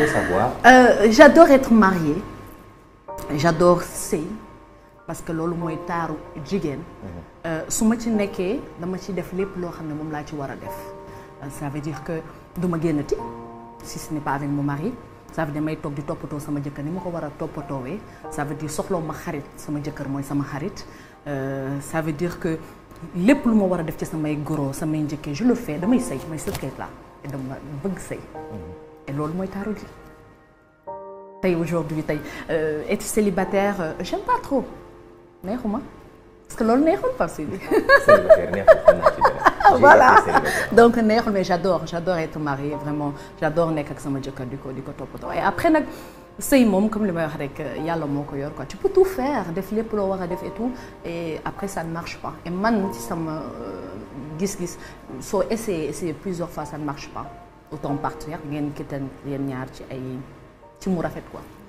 Euh, j'adore être mariée. j'adore ça, parce que c'est que je jigéen. Mhm. Euh, su ci je dama euh, ça veut dire que si ce n'est pas avec mon mari. ça veut dire may suis sama ni moko wara ça veut dire que, ma xarit sama ça veut dire que je je le fais damay je suis et loolu mooy taaru gi tey aujourd'hui tey euh, être célibataire euh, j'aime pas trop Mais moi, parce que lol, n'est pas Sidi. célibataire voilà donc neexul mais j'adore j'adore être mariée vraiment j'adore nekk comme sama jëkkër du coup di et après c'est sëy moom comme li may wax rek euh, yàlla moo yor quoi tu peux tout faire def pour le voir def et tout et après ça ne marche pas et man ci sama gis-gis soo essayer, essayé plusieurs fois ça ne marche pas autant partenaire ngeen kittan yéen ñaar ci ay ci mu rafet quoi